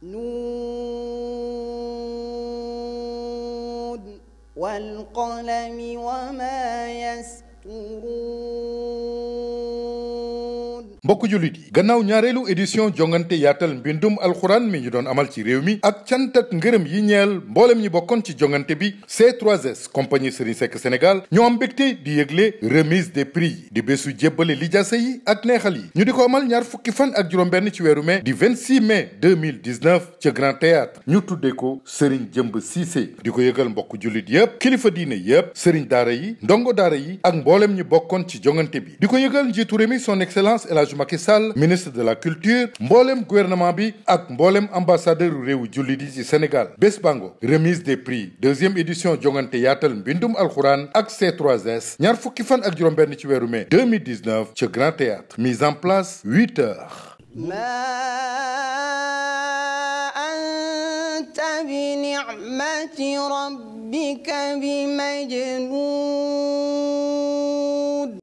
nuun wal qalami wa maa yasturuun mbokk jullit yi gannaaw ñaareelu édition jongante yaatal mbindum alxuraan mi ñu doon amal ci réew mi ak cant ak ngërëm yi ñeel mboolem ñi bokkoon ci jongante bi C3S compagnie Serigne Seck Sénégal ñoo am mbégte di yëgle remise des prix yi di bésu jébbale lijaase yi ak neexal yi ñu di ko amal ñaar fukki fan ak juróom-benn ci weeru mai di 26 mai 2019 ca Grand Théâtre ñu tuddee ko Serigne Jëmb Cissé di ko yëgal mbokk jullit yépp kilifa diine yépp Serigne daara yi ndongo daara yi ak mboolem ñi bokkoon ci jongante bi di ko Hadj Macky Sall ministre de la culture mboolem gouvernement bi ak mboolem ambassadeur réewu jullit yi ci Sénégal bés bango remise des prix deuxième édition jongante yaatal mbindum alxuraan ak C3S ñaar fukki fan ak juróom-benn ci weeru mai 2019 Grand Théâtre mise en place huit heures.